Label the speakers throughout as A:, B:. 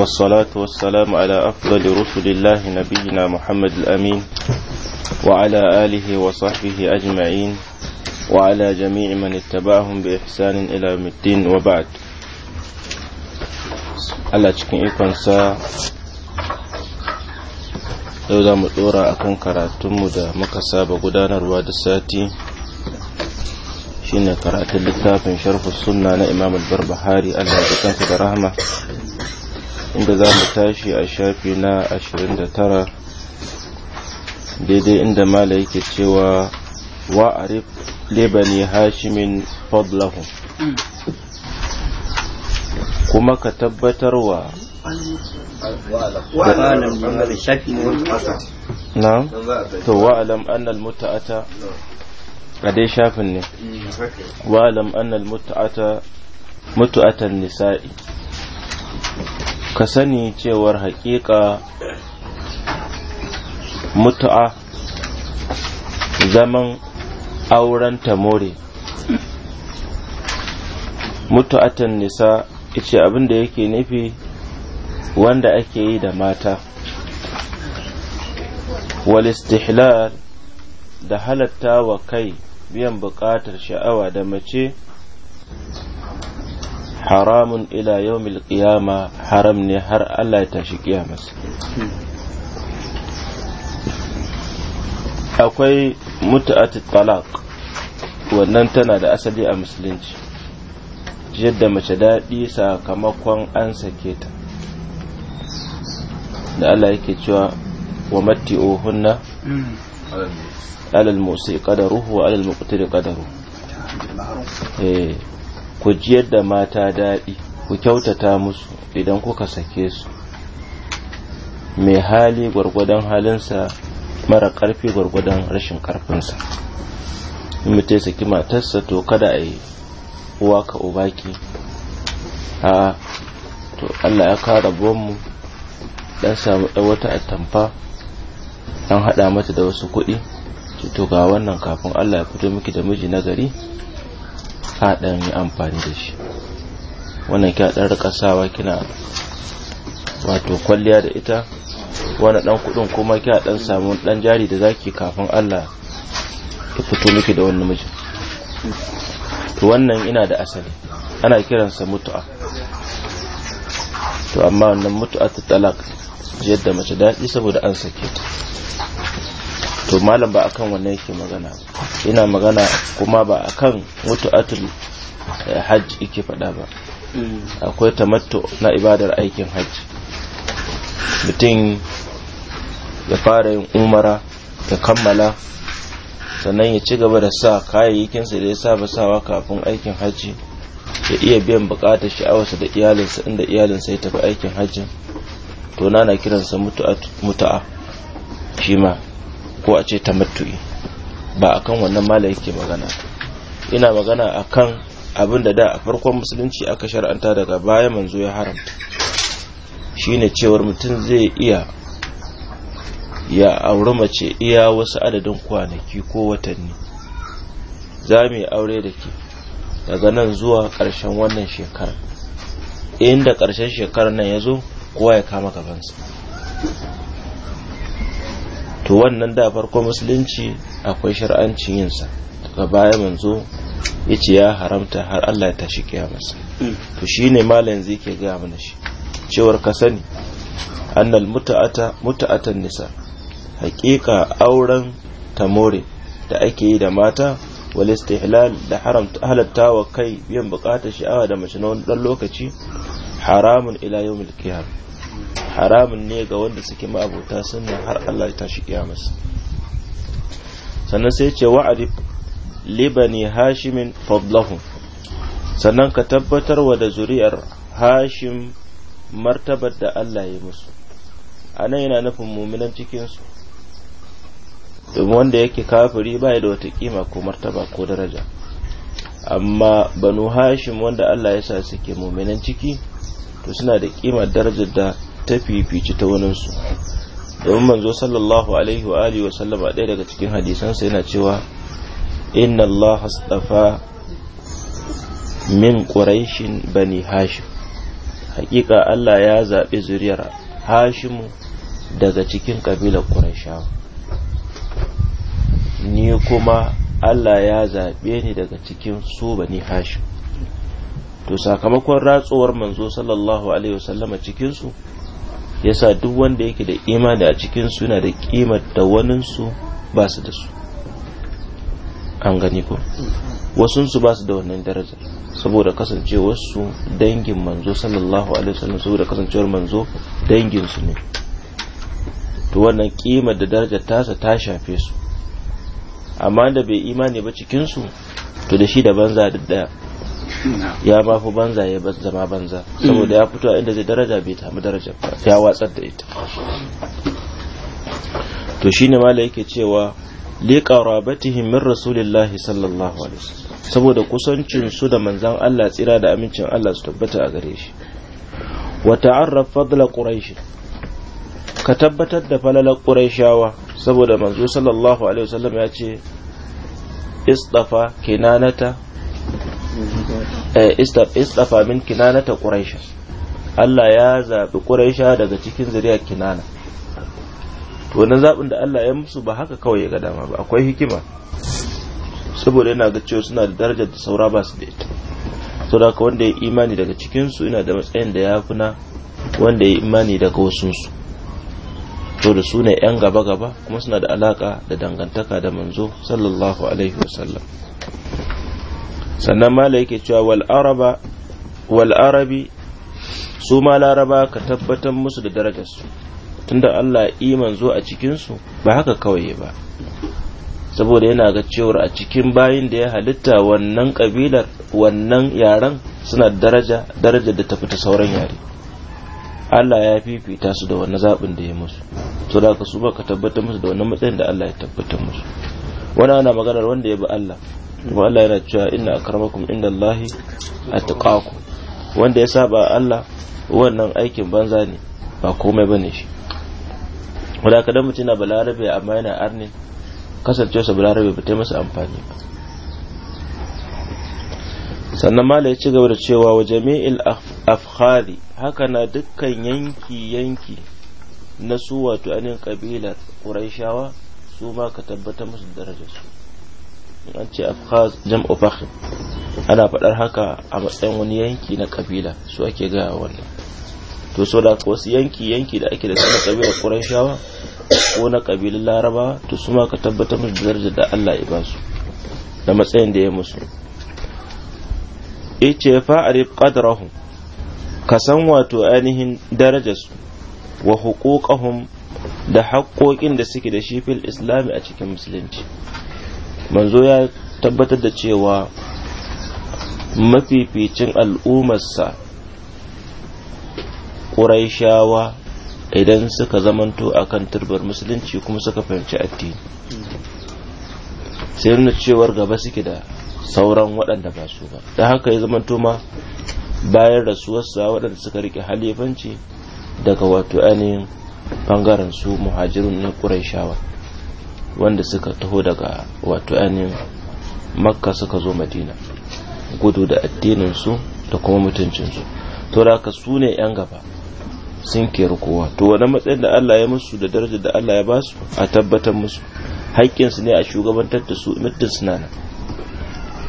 A: والصلاة والسلام على أفضل رسل الله نبينا محمد الأمين وعلى آله وصحبه أجمعين وعلى جميع من اتبعهم بإحسان إلى يوم الدين وبعد Allah cikin ikonsa yau za ɗora a kan karatunmu da muka saba gudanarwa da sati shine karatun littafin sharhu sunna na imam al-barbahari kansa da rahma. inda za mu tashi a shafi na 29 daidai inda mala yake cewa wa'arif libani hashimin fadlahum kuma ka tabbatarwa na to wa'alam annal muta'ata a dai shafin ne mm, wa'alam annal muta'ata mutu'atan nisa'i ka sani cewar haƙiƙa mutu'a zaman auren tamore mutu'atan nisa ice abin da yake nufi wanda ake yi da mata walistihlal da halatta wa kai biyan buƙatar sha'awa da mace haramun ila yawmil qiyama haram ne har Allah ya tashi kiyamas akwai mutu'atu talaq wannan tana da asali a musulunci yadda mace daɗi sakamakon an sake ta da Allah yake cewa wa matti'uhunna alal musi qadaruhu wa alal muqtiri qadaruhu eh. ku jiyar da mata daɗi ku kyautata musu idan kuka sake su mai hali gwargwadon halinsa mara ƙarfi gwargwadon rashin ƙarfinsa in mutum saki matarsa to kada a yi uwa ka uba ki a to allah ya kara mu dan samu ɗan wata attamfa an haɗa mata da wasu kuɗi to ga wannan kafin allah ya fito miki da miji na gari ka yi amfani da shi wannan kina ɗan sawa kina wato kwalliya da ita wani ɗan kuɗin kuma kina ɗan samu ɗan jari da zaki kafin Allah ya fito miki da wani mijin to wannan ina da asali ana kiransa mutu'a to amma wannan mutu'a ta talak da mace daɗi saboda an sake ta to malam ba akan wannan yake magana ina magana kuma ba akan atul eh, hajji yake faɗa ba mm. akwai tamattu na ibadar aikin hajj mutum ya fara yin umara ta kammala sannan ya ci gaba da sa kayayyakinsa da ya saba sawa kafin aikin hajji ya iya biyan bukatar sha'awarsa da iyalinsa inda iyalinsa ya tafi aikin hajji to na na kiransa mutu'a shi ma ko a ce ta tamattu'i ba a kan wannan mala yake magana ina magana akan abin da da a farkon musulunci aka shar'anta daga baya manzo ya haramta shine cewar mutum zai iya ya auri mace iya wasu adadin kwanaki ko watanni za mu yi aure da ke daga nan zuwa ƙarshen wannan shekarar inda ƙarshen shekarar nan ya zo kowa ya kama gabansa to wannan da farko musulunci akwai shar'ancin yinsa daga baya manzo ya ce ya haramta har Allah ya tashi kiyamarsa hmm. to shine malam yanzu ke gaya mana shi cewar ka sani annal muta'ata muta'atan nisa haƙiƙa auren tamore da ake yi da mata wal istihlal da haramta halatta wa kai biyan buƙatar sha'awa da mace na wani ɗan lokaci haramun ila yawmil qiyamah haramun ne ga wanda suke ma'abota suna har Allah ya tashi masu. sannan sai ce wa'adi libani hashimin fadlahu sannan ka tabbatar wa da zuri'ar hashim martabar da Allah ya musu anan yana nufin muminan cikinsu domin wanda yake kafiri ba da wata kima ko martaba ko daraja amma banu hashim wanda Allah ya sa suke muminan ciki to suna da kima darajar da ta fifici ta waninsu domin manzo sallallahu alaihi wa alihi wa sallama ɗaya daga cikin hadisansa yana cewa inna allaha astafa min quraishin bani hashim hakika Allah ya zaɓi zuriyar hashim daga cikin kabilar quraishawa ni kuma Allah ya zaɓe ni daga cikin su bani hashim to sakamakon ratsuwar manzo sallallahu alaihi wasallama cikinsu yasa duk wanda yake da imani a cikin yana da kimar da su ba su da su an gani ko wasunsu ba su da wannan daraja saboda kasancewar su dangin manzo sallallahu alaihi wasallam saboda kasancewar manzo dangin su ne to wannan kimar da ta sa ta shafe su amma da bai imani ba cikin su to da shi daban za da ya ba fi banza ya zama banza saboda ya fito a inda zai daraja bai tamu daraja ba ya watsar da ita to shine mala yake cewa liqarabatihim min rasulillahi sallallahu alaihi wasallam saboda kusancin su da manzon Allah tsira da amincin Allah su tabbata a gare shi wa ta'arraf fadla quraish ka tabbatar da falalar quraishawa saboda manzo sallallahu alaihi wasallam ya ce istafa kinanata Eh, istafa min kinana ta quraisha Allah ya zaɓi quraisha daga cikin zuriyar kinana to wannan zabin da Allah ya musu ba haka kawai ya ga dama ba akwai hikima saboda yana ga cewa suna da darajar da saura ba su da ita to da ka wanda ya imani daga cikin su yana da matsayin da ya na wanda ya imani daga wasun su to da su ne yan gaba gaba kuma suna da alaka da dangantaka da manzo sallallahu alaihi wasallam sannan mala yake cewa wal araba wal arabi su ma laraba ka tabbatar musu da darajarsu tunda Allah iman zo a cikinsu ba haka kawai ba saboda yana ga cewar a cikin bayin da ya halitta wannan kabilar wannan yaren suna daraja daraja da tafi ta sauran yare Allah ya fifita su da wannan zaɓin da ya musu to da ka su ba ka tabbatar musu da wannan matsayin da Allah ya tabbatar musu wani ana maganar wanda ya bi Allah kuma Allah yana cewa inna akramakum indallahi attaqakum wanda ya saba Allah wannan aikin banza ne ba komai bane shi wanda ka dan mutum na balarabe amma yana kasancewa sa balarabe ba ta masa amfani ba sannan mala ya ci gaba da cewa wa jami'il afkhari haka na dukkan yanki yanki na su wato anin kabilar ƙuraishawa su ma ka tabbatar musu darajarsu an ce afkhaz jam'u fakhr ana faɗar haka a matsayin wani yanki na kabila su ake gaya wannan to so da wasu yanki yanki da ake da su na kabilar ko na kabilar laraba to su ma ka tabbatar musu darajar da Allah ya ba su da matsayin da ya musu ice fa'arif qadrahu ka san wato ainihin darajarsu wa huquqahum da haƙoƙin da suke da shi fil islami a cikin musulunci manzo ya tabbatar da cewa mafificin al'ummarsa ƙuraishawa idan suka zamanto a kan turbar musulunci kuma suka fahimci addini sai nuna cewar gaba suke da sauran waɗanda ba su ba da haka ya zamanto ma bayan rasuwarsa waɗanda suka rike halifanci daga wato ainihin ɓangaren su muhajirun na ƙuraishawa wanda suka taho daga wato ainihin makka suka zo madina gudu da addininsu da kuma mutuncinsu to da haka su 'yan gaba sun keri kowa to wani matsayin da Allah ya musu da daraja da Allah ya basu a tabbatar musu haƙƙinsu ne a shugabantar da su muddin suna nan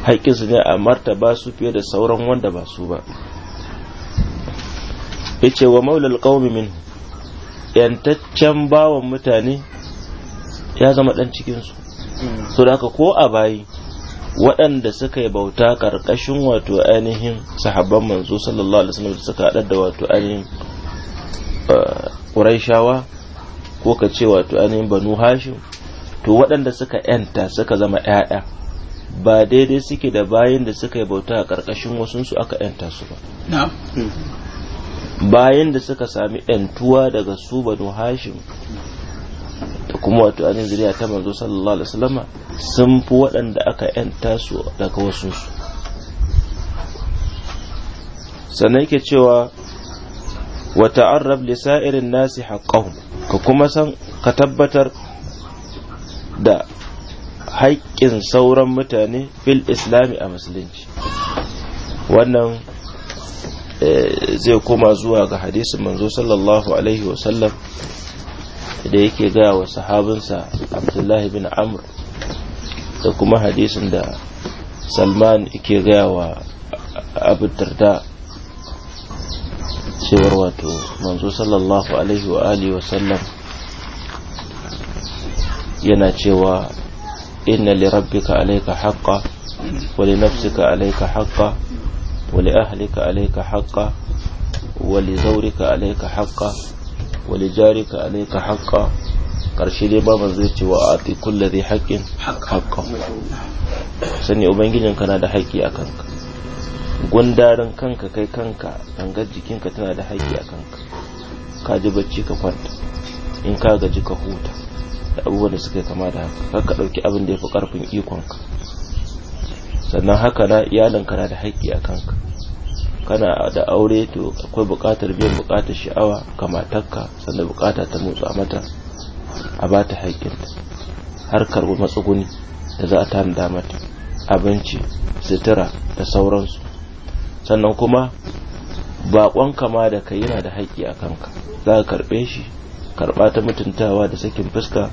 A: haƙƙinsu ne a martaba su fiye da sauran wanda ba su ba yace wa maulal qaumi yantaccen bawan mutane ya zama ɗan cikinsu so da ko a bayi waɗanda suka yi bauta ƙarƙashin wato ainihin sahabban manzo sallallahu alaihi wasallam suka haɗar da wato ainihin ƙuraishawa uh, ko ka ce wato ainihin banu hashim to waɗanda suka yanta suka zama ƴaƴa, ba daidai suke da bayan da suka yi bauta a ƙarƙashin wasunsu aka ‘yanta su ba bayan da suka sami ‘yantuwa daga su banu hashim kuma wato ainihin zuriya ta manzo sallallahu alaihi wasallama sun fi waɗanda aka yanta su daga wasu su sannan yake cewa wa ta'arrab li sa'irin nasi haqqahum ka kuma san ka tabbatar da haƙƙin sauran mutane fil islami a musulunci wannan eh, zai koma zuwa ga hadisin manzo sallallahu alaihi wasallam da yake gaya wa sahabinsa abdullahi bin amr da kuma hadisin da salman yake gaya wa abu darda cewar wato manzo sallallahu alaihi wa alihi wasallam yana cewa inna li rabbika alayka haqqa wa li nafsika alayka haqqa wa li ahlika alayka haqqa wa li zawrika alayka haqqa wali jarika ka haqqa karshe dai ba zai ce wa ati kulli dhi haƙƙin haqqan sani ubangijin na da haƙƙi a kanka gundarin kanka kai kanka dangar jikinka tana da haƙƙi a kanka ka ji bacci ka kwanta in ka gaji ka huta da abubuwan da suka kama da haka kar ka ɗauki abin da ya fi ƙarfin ikonka sannan haka na iyalinka na da haƙƙi a kanka kana da aure to akwai bukatar biyan bukatar sha'awa kamatarka sannan buƙata ta motsa mata a ba ta haƙƙinta karɓi matsuguni da za a tanada mata abinci sutura da sauransu sannan kuma baƙon kama da kai yana da haƙƙi a kanka za ka karɓe shi karɓa ta mutuntawa da sakin fuska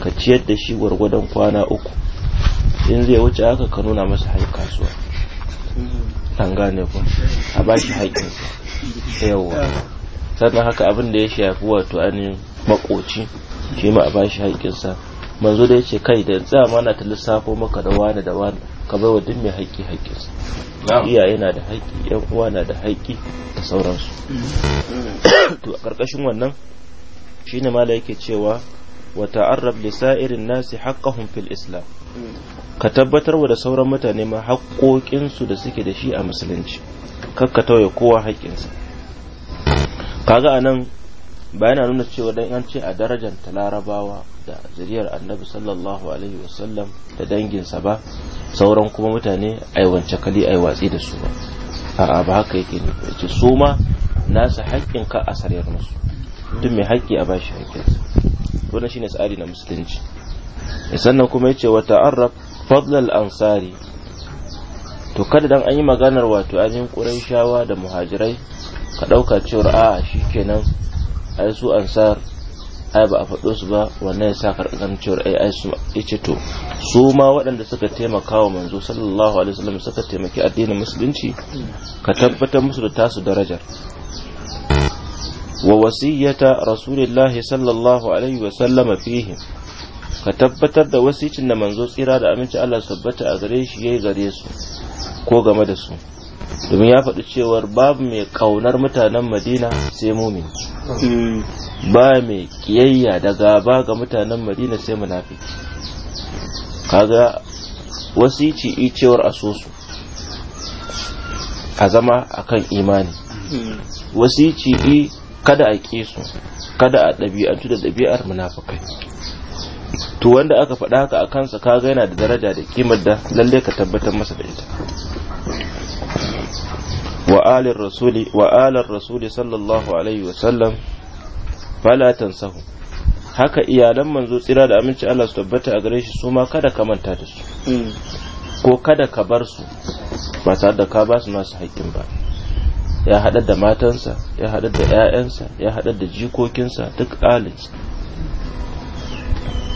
A: ka ciyar da shi gwargwadon kwana uku in zai wuce haka ka nuna masa haƙƙi kasuwa an gane ku a ba shi haƙƙin yawa sannan haka abin da ya shafi wato ainihin makoci shi ma a ba shi sa manzo da yace kai da za mana ta lissafo maka da wani da wani ka bai wa duk mai haƙƙi sa iya na da haƙƙi yan uwa na da haƙƙi da sauransu mm-hmm. to a ƙarƙashin wannan shine mala yake cewa wa ta'arrab li sa'irin nasi haqqahum fil islam mm. ka tabbatar wa da sauran mutane ma haƙoƙinsu da suke da shi a musulunci ka tauye kowa haƙƙinsa kaga a nan bayan yana nuna cewa dan an ce a darajar talarabawa da zuriyar annabi sallallahu alaihi wasallam da danginsa ba sauran kuma mutane aiwance kali yi watsi da su ba a'a ba haka yake ne ce su ma nasa haƙƙin ka a sarar musu duk mai haƙƙi a bashi haƙƙinsa wannan shine tsari na musulunci sannan kuma ya ce wa ta'arraf fadlal ansari to kada dan an yi maganar wato ainihin ƙurayshawa da muhajirai ka ɗauka cewar a shi kenan ai su ansar ai ba a faɗo su ba wannan ya sa karɓar cewar ai ai su ce to su ma waɗanda suka taimaka wa manzo sallallahu alaihi wasallam suka taimaki addinin musulunci ka tabbatar musu da tasu darajar wa wasiyyata rasulillahi sallallahu alaihi wasallam fihim ka tabbatar da wasicin da manzo tsira da aminci Allah tabbata a gare shi yayi gare su ko game da su domin ya faɗi cewar babu mai ƙaunar mutanen madina sai mumin ba mai ƙiyayya da gaba ga mutanen madina sai munafiki kaga wasici yi cewar a so su a zama akan imani wasici yi kada a ƙi su kada a ɗabi'antu da ɗabi'ar munafukai to wanda aka faɗa haka a kansa kaga yana da daraja da kimar da lalle ka tabbatar masa da ita wa alir rasuli wa alar rasuli sallallahu alaihi wa sallam fala tansahu haka iyalan manzo tsira da aminci Allah su tabbata a gare shi su ma kada ka manta da su hmm. ko kada ka bar su ba tare da ka ba su nasu haƙƙin ba ya haɗar da matansa ya haɗar da 'ya'yansa ya haɗar da jikokinsa duk alin.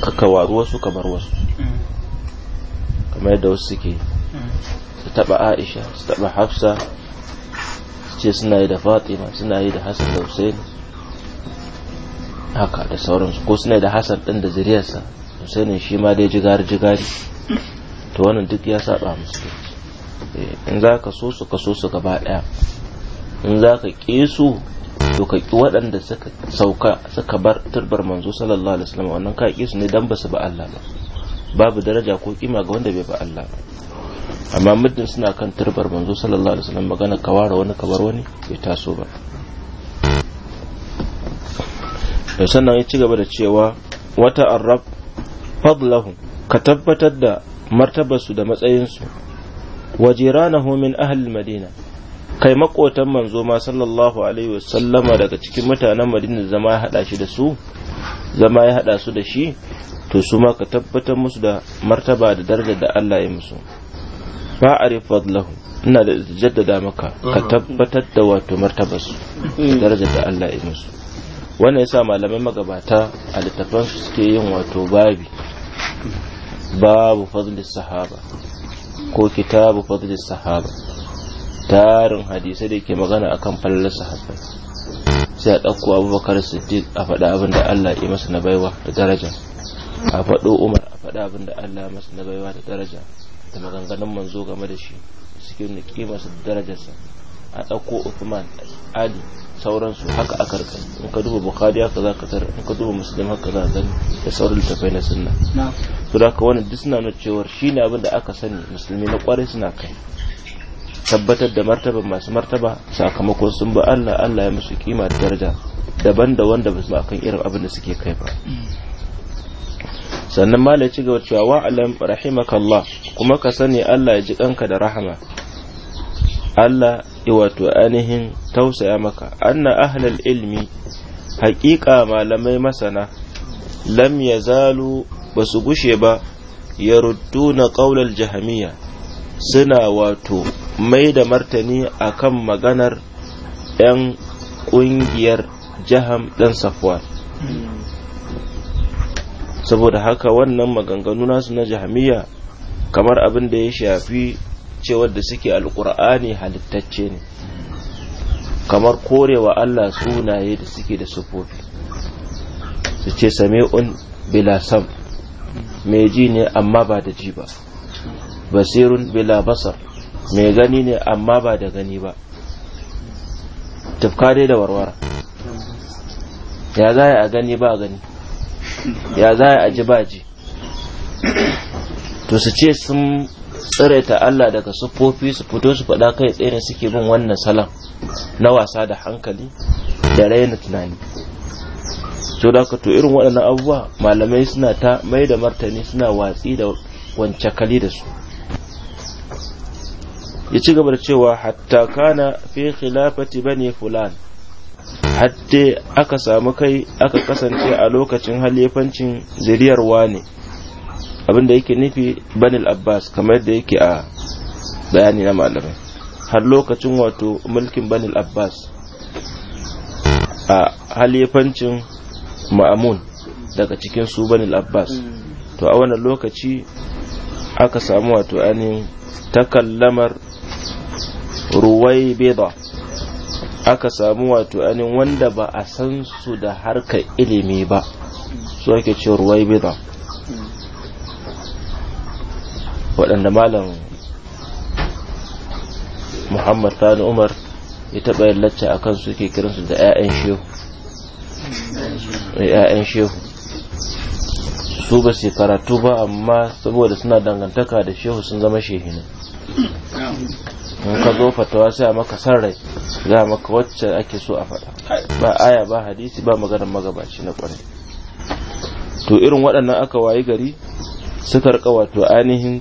A: ka waru wasu ka bar wasu kamar yadda wasu suke su taba aisha su taba hafsa su ce suna yi da fatima suna yi da hassan da husaini haka da sauransu ko suna yi da hassan din da zuriyarsa husainin shi ma dai jigari jigari to wannan duk ya saba musu eh, in za ka so su ka so su gaba daya in za ka ƙi su to waɗanda suka sauka suka bar turbar manzo sallallahu alaihi wasallam wannan kai su ne dan basu ba Allah ba babu daraja ko kima ga wanda bai ba Allah ba amma muddin suna kan turbar manzo sallallahu alaihi wasallam magana ka ware wani kabar wani bai taso ba to sannan ya ci gaba da cewa wata arrab fadlahu ka tabbatar da martabarsu da matsayinsu wa jiranahum min ahli madina kai makotan manzo ma sallallahu alaihi wasallama daga cikin mutanen madina zama ya hada shi da su zama ya hada su da shi to su ma ka tabbatar musu da martaba da daraja da Allah ya musu ba a fadlahu ina da jaddada maka ka tabbatar da wato martaba su mm. daraja da Allah ya musu wannan yasa malamai magabata a littafan su suke yin wato babi babu fadlis sahaba ko kitabu fadlis sahaba tarin hadisai da ke magana akan fallar sahabbai sai a ɗauko abubakar siddiq a faɗa abin da allah ya masa na baiwa da daraja a faɗo umar a faɗa abin da allah ya masa na baiwa da daraja da maganganun manzo game da shi suke nuna kimarsa da darajarsa a ɗauko uthman ali sauransu haka aka rikai in ka duba bukhari haka za ka tarar in ka duba muslim haka za ka da sauran littafai na sunna to da ka wannan duk suna nuna cewa shine abin da aka sani musulmi na kwarai suna kai tabbatar da martaba masu martaba sakamakon sun ba Allah Allah ya musu kima da daraja daban da wanda ba su ba kan irin abin da suke kai ba sannan malai ci gaba cewa wa alam rahimakallah kuma ka sani Allah ya ji kanka da rahama Allah ya wato ainihin tausaya maka anna ahlal ilmi haƙiƙa malamai masana lam yazalu ba su gushe ba yarudduna qaulal jahamiyya suna wato mai da martani a kan maganar 'yan ƙungiyar jiham ɗan Safuwa. saboda haka wannan maganganu nasu na jahamiya kamar abin da ya shafi cewar da suke alƙur'ani halittacce ne kamar korewa Allah sunaye da suke da sufofi su ce sami'un bilasam mai ji ne amma ba da ji ba basirun bila basar mai gani ne amma ba da gani ba tafka dai da warwara ya za a gani ba gani ya za a ji ba ji to su ce sun ta Allah daga siffofi su fito su faɗa kai tsaye suke bin wannan salam na wasa da hankali da raina tunani to da to irin waɗannan abubuwa malamai suna ta mai da martani suna watsi da wance kali da su ya ci gaba da cewa hatta kana fi khilafati bani fulan hatta aka samu kai aka kasance a lokacin halifancin zuriyar wane abinda yake nufi banil abbas kamar da yake a bayani na malamai har lokacin wato mulkin banil abbas a halifancin ma'amun daga cikin su banil abbas to a wannan lokaci aka samu wato ainihin takallamar ruwaibida aka samu wato anin wanda ba a san su da harkar ilimi ba su ake ce ruwaibida waɗanda malam muhammad Sani umar ya taɓa yin lacca a kan suke kiransu da 'ya'yan shehu eh, 'ya'yan shehu su ba su karatu ba amma saboda suna dangantaka da shehu sun zama shehina in ka zo fatawa sai a maka san rai za maka wacce ake so a faɗa ba aya ba hadisi ba maganar magabaci na ƙwarai. to irin waɗannan aka wayi gari suka rika wato ainihin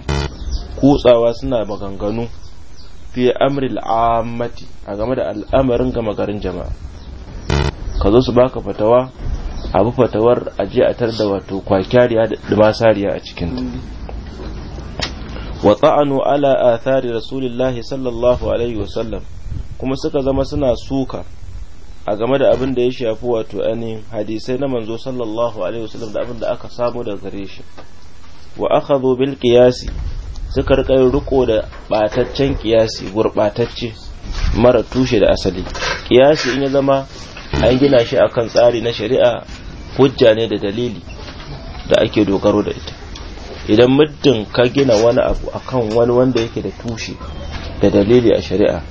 A: kutsawa suna maganganu fi amril ammati a game da al'amarin gama garin jama'a ka zo su baka fatawa abu fatawar ajiyatar da wato kwakyariya da dumasariya a cikinta wa tsa'anu ala athari rasulillahi sallallahu alaihi sallam kuma suka zama suna suka a game da abin da ya shafi wato ainihin hadisai na manzo sallallahu alaihi sallam da abin da aka samu daga gare shi wa akhadhu bil qiyasi suka rika riko da bataccen kiyasi gurbatacce mara tushe da asali kiyasi in ya zama an gina shi akan tsari na shari'a hujja ne da dalili da ake dogaro da ita idan muddin ka gina wani abu akan wani wanda yake da tushe da dalili a shari'a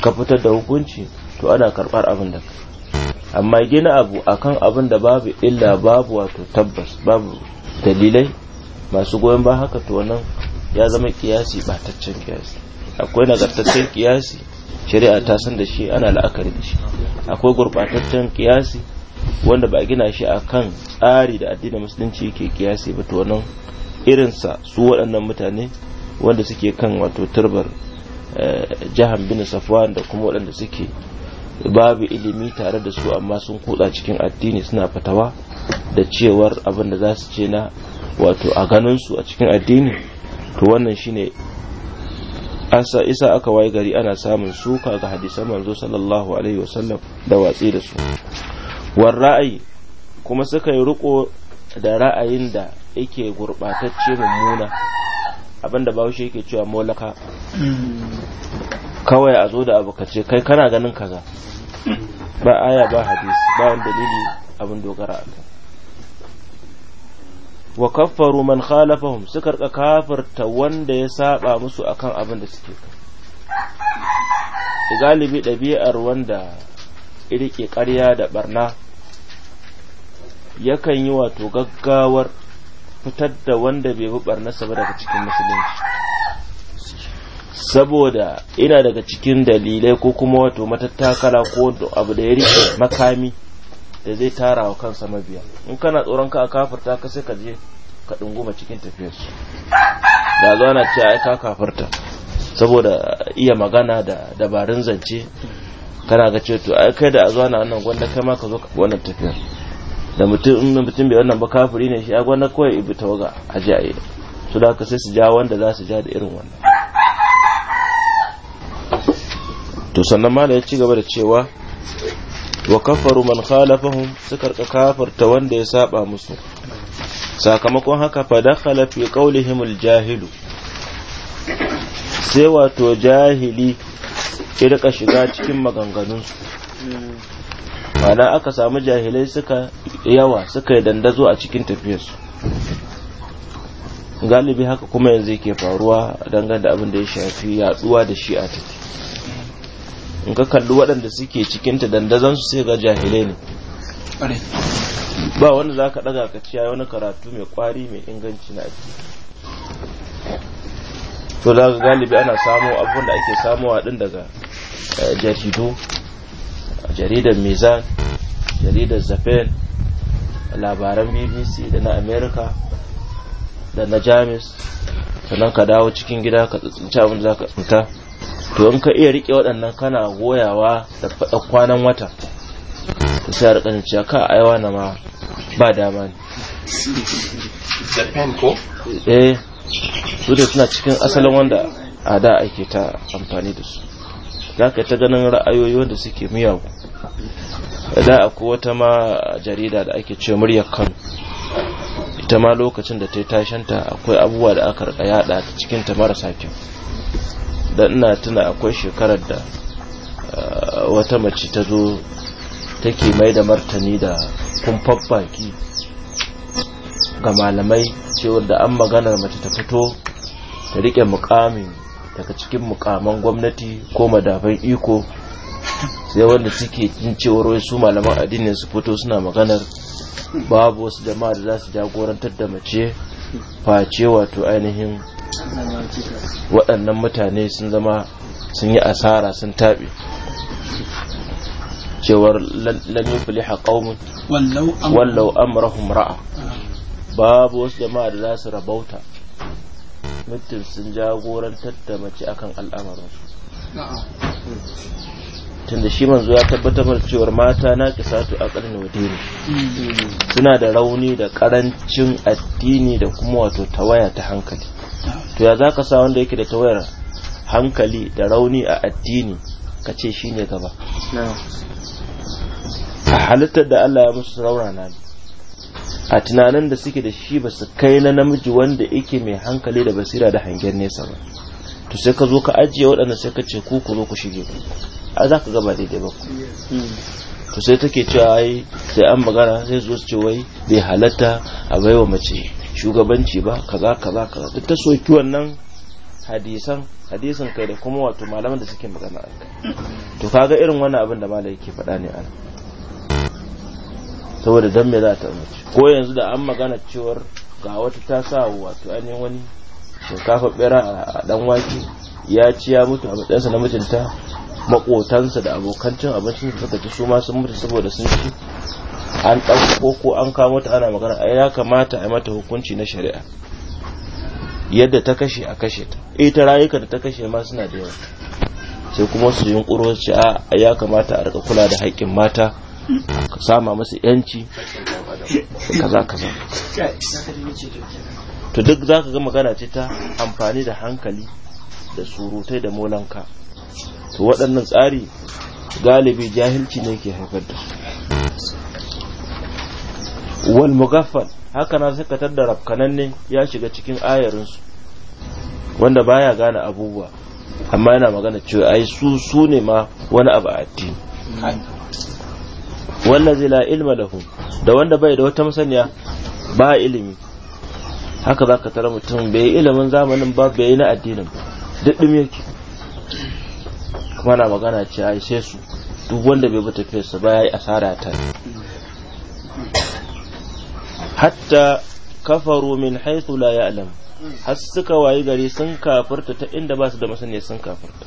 A: ka fitar da hukunci to ana karbar abin da amma gina abu akan abin da babu illa babu wato tabbas babu dalilai masu goyon ba haka to wannan ya zama kiyasi bataccen kiyasi akwai nagartaccen kiyasi shari'a ta san da shi ana la'akari da shi akwai gurbataccen kiyasi wanda ba gina shi a kan tsari da addinin musulunci yake kiyasi ba to wannan irinsa su waɗannan mutane wanda suke kan wato turbar eh, jihar bin safwan da kuma waɗanda suke babu ilimi tare da su amma sun kutsa cikin addini suna fatawa da cewar abin da za su ce na wato a ganinsu a cikin addini to wannan shine asa isa aka waye gari ana samun suka ga hadisan manzo sallallahu alaihi wasallam da watsi da su war ra'ayi kuma suka yi riko da ra'ayin da yake gurbatacce mummuna abinda bahaushe yake cewa molaka kawai a zo da abu ka ce kai kana ganin kaza ba aya ba hadis ba wani dalili abin dogara a kai wa kaffaru man khalafahum suka kafirta wanda ya saba musu akan abin da suke
B: kai
A: galibi ɗabi'ar wanda irike ƙarya da barna yakan yi wato gaggawar fitar da wanda bai bi barnarsa ba daga cikin musulunci saboda ina daga cikin dalilai ko kuma wato matattakala ko abu da ya rike makami da zai tara wa kansa mabiya in kana tsoron ka kafirta ka sai ka je ka dunguma cikin tafiyarsu da na ce ai ka kafirta saboda iya magana da dabarun zance kana ga ce to ai kai da a zuwa na wannan gwanda kai ma ka zo wannan tafiyar da mutum in mutum bai wannan ba kafiri ne shi ya gwana kawai ibi tawaga a ji a yi su da sai su ja wanda za su ja da irin wannan to sannan ma ya ci gaba da cewa wa kafaru man khalafahum karka kafarta wanda ya saba musu sakamakon haka fa dakhala fi qawlihim al-jahilu sai wato jahili ya rika shiga cikin maganganunsu mana aka samu jahilai suka yawa suka yi dandazo a cikin tafiyarsu galibi haka kuma yanzu yake faruwa dangane da abin da ya shafi yaduwa da shi a take in ka kalli waɗanda suke cikin ta dandazon su sai ga jahilai ne ba wanda za ka ɗaga ka ciya wani karatu mai kwari mai inganci na ake to za galibi ana samo abin da ake samuwa din daga eh, jaridu jaridar mizan jaridar zafen labaran bbc da na america da na jamus sannan ka dawo cikin gida ka tsinci abin za ka tsinta to in ka iya rike waɗannan kana goyawa da faɗa kwanan wata da sai a rikanin cewa ka aiwa na ma ba dama ne japan ko eh su da suna cikin asalin wanda a da ake ta amfani da su za ka ta ganin ra'ayoyi wanda suke miyagu da akwai wata ma jarida da ake ce muryar kano ita ma lokacin da ta yi tashinta akwai abubuwa da aka rika yada ta cikin ta marasa kyau da ina tuna akwai shekarar da ah, wata mace ta zo take mai da martani da kumfan baki ga malamai cewar da an maganar mace ta fito ta rike mukamin daga cikin mukaman gwamnati ko madafan iko sai wanda suke jin cewar su malaman addinin su fito suna maganar babu wasu jama'a da za su jagorantar da mace face wato ainihin waɗannan mutane sun zama sun yi asara sun taɓe cewar lam yufliha ƙaumin wallau amurahun ra'a ah. babu wasu jama'a da za su rabauta muddin sun jagorantar da mace akan al'amarinsu tunda shi manzo ya tabbatar da cewar mata na kisatu a karni wadini suna da rauni da karancin addini da kuma wato tawaya ta hankali to ya za ka sa wanda yake da tawayar hankali da rauni a addini ka ce shi ne gaba a halittar da Allah ya musu raurana ne a tunanin da suke da shi ba su kai na namiji wanda yake mai hankali da basira da hangen nesa ba to sai ka zo ka ajiye waɗanda sai ka ce ku zo ku shige ba a za ka gaba daidai ba ku to sai take cewa ai sai an magana sai zo ce wai bai halatta a baiwa mace shugabanci ba kaza kaza kaza duk ta soki wannan hadisan hadisan kai da kuma wato malaman da suke magana to kaga irin wannan abin da malai yake faɗa ne ana saboda dan me za ta amince ko yanzu da an magana cewar ga wata ta sa wato an yi wani shinkafa bera a dan wake ya ci ya mutu a matsayinsa na mijinta makotansa da abokan cin abincin da suka ci su ma sun mutu saboda sun ci an ɗauko ko an kamo ta ana magana ai ya kamata a mata hukunci na shari'a yadda ta kashe a kashe ta ita rayuka da ta kashe ma suna da yawa sai kuma su yunƙuro a ya kamata a rika kula da haƙƙin mata ka sama masa yanci kaza kaza to duk za ka ga magana ce ta amfani da hankali da surutai da molanka to waɗannan tsari galibi jahilci ne ke haifar da su wal mugaffal haka na sakatar da rafkananne ya shiga cikin ayarinsu wanda baya gane abubuwa amma yana magana cewa ai su su ne ma wani abu a addini wallazi la ilma lahu da wanda bai da wata masaniya ba ilimi haka za ka tara mutum bai ilimin zamanin ba bai na addinin duk ɗumi yake kuma na magana ce a sai su duk wanda bai bata tafiyarsa ba ya yi asara ta hatta kafaru min haithu la ya'lam har suka wayi gari sun kafirta ta inda ba su da masaniya sun kafirta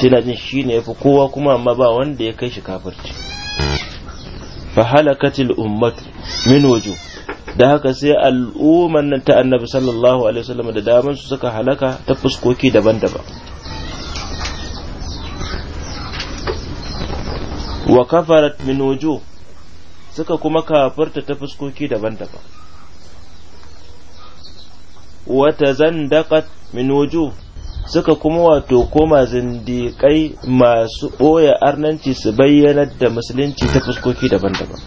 A: sai jin shi ne ya fi kowa kuma amma ba wanda ya kai shi kafirci fa halakatil ummatu min wujuh da haka sai al'umman nan ta annabi sallallahu alaihi wasallam da daman su suka halaka ta fuskoki daban-daban wa kafarat min wujuh suka kuma kafarta ta fuskoki daban-daban wa tazandaqat min wujuh suka kuma wato koma zindiƙai masu ɓoye arnanci su bayyanar da musulunci ta fuskoki daban-daban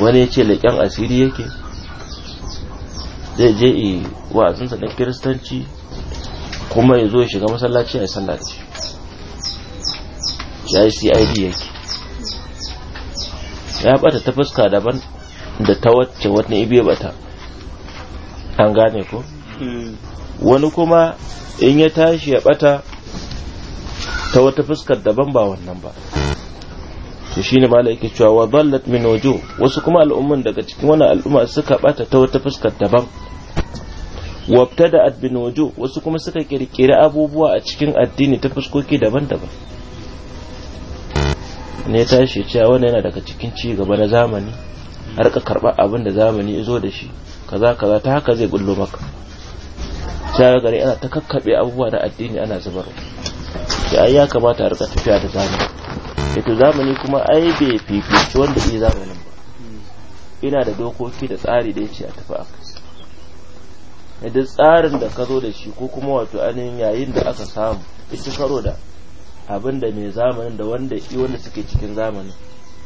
A: wani ya ce leƙen asiri yake zai je yi wa'azinsa na kiristanci kuma ya zo shiga masallaci a sallaci ya yi cid yake ya bata ta fuska daban da ta wacce wani ibe bata an gane ko hmm. wani kuma in ya tashi ya bata ta wata fuskar daban ba wannan ba to shine mala yake cewa wa dallat min wujuh wasu kuma al'umman daga cikin wannan al'umma suka bata ta wata fuskar daban wabtada'at bin wujuh wasu kuma suka kirkiri abubuwa a cikin addini ta fuskoki daban-daban ne tashi cewa ah, wannan yana daga cikin ci gaba na zamani har ka karba abin da zamani ya zo da shi kaza kaza ta haka zai bullo maka sai gari ana ta kakkaɓe abubuwa da addini ana zubarwa ya ya kamata a rika tafiya da zamani eh to zamani kuma ai bai fifici wanda bai zamanin ba ina da dokoki da tsari da yace a tafi a kai eh da tsarin da ka zo da shi ko kuma wato anin yayin da aka samu ita karo da abin da mai zamanin da wanda wanda suke cikin zamanin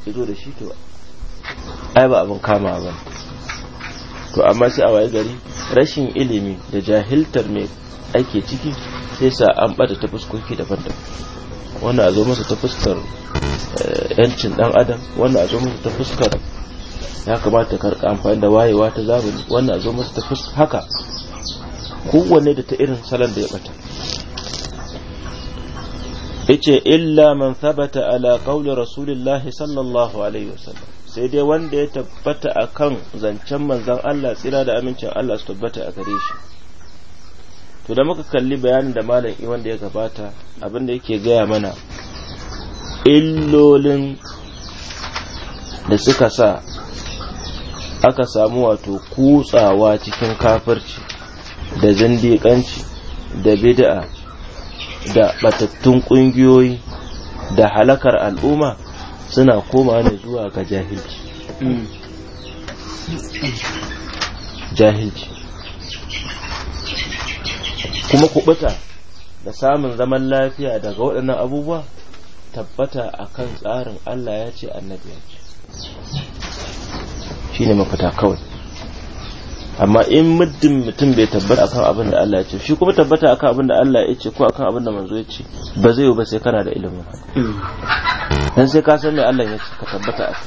A: ya zo da shi to ai ba abin kama ba to amma sai a waye gari rashin ilimi da jahiltar mai ake ciki sai sa an bada ta fuskoki daban-daban wanda a zo masa ta fuskar eh, yancin dan adam wanda a zo masa ta fuskar ya kamata karka amfani da wayewa ta zamani wanda a zo masa ta fuskar haka kowanne da ta irin salon da ya bata yace illa man thabata ala qawli rasulillahi sallallahu alaihi wasallam sai dai wanda ya tabbata a kan zancen manzan Allah tsira da amincin Allah su tabbata a gare shi to da muka kalli bayanin da malam wanda ya gabata abinda yake gaya mana illolin da suka sa aka samu wato kutsawa cikin kafirci da zindiƙanci da bid'a da batattun ƙungiyoyi da halakar al'umma suna koma ne zuwa ga jahilci hmm. jahilci kuma kubuta da samun zaman lafiya daga waɗannan abubuwa tabbata akan tsarin Allah ya ce annabi ya ce shi ne mafita kawai amma in muddin mutum bai tabbata akan abin da Allah ya ce shi kuma tabbata akan abin da Allah ya ce ko akan abin da manzo ya ce ba zai yi ba sai kana da ilimin dan sai ka san me Allah ya ce ka tabbata akai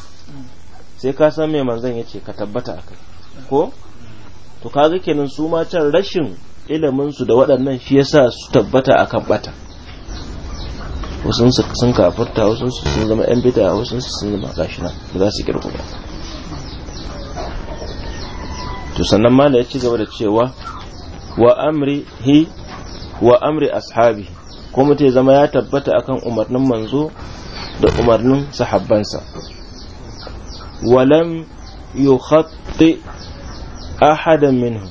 A: sai ka san me manzon ya ce ka tabbata akai ko to kaga kenan su ma can rashin ilimin su da waɗannan shi yasa su tabbata akan bata wasu sun kafurta wasu sun zama yan bida wasu sun zama gashi ba za su girku ba to sannan ma ya ci gaba da cewa wa amri hi wa amri ashabi ko mutum ya zama ya tabbata akan umarnin manzo da umarnin sahabbansa walam yukhatti ahadan minhu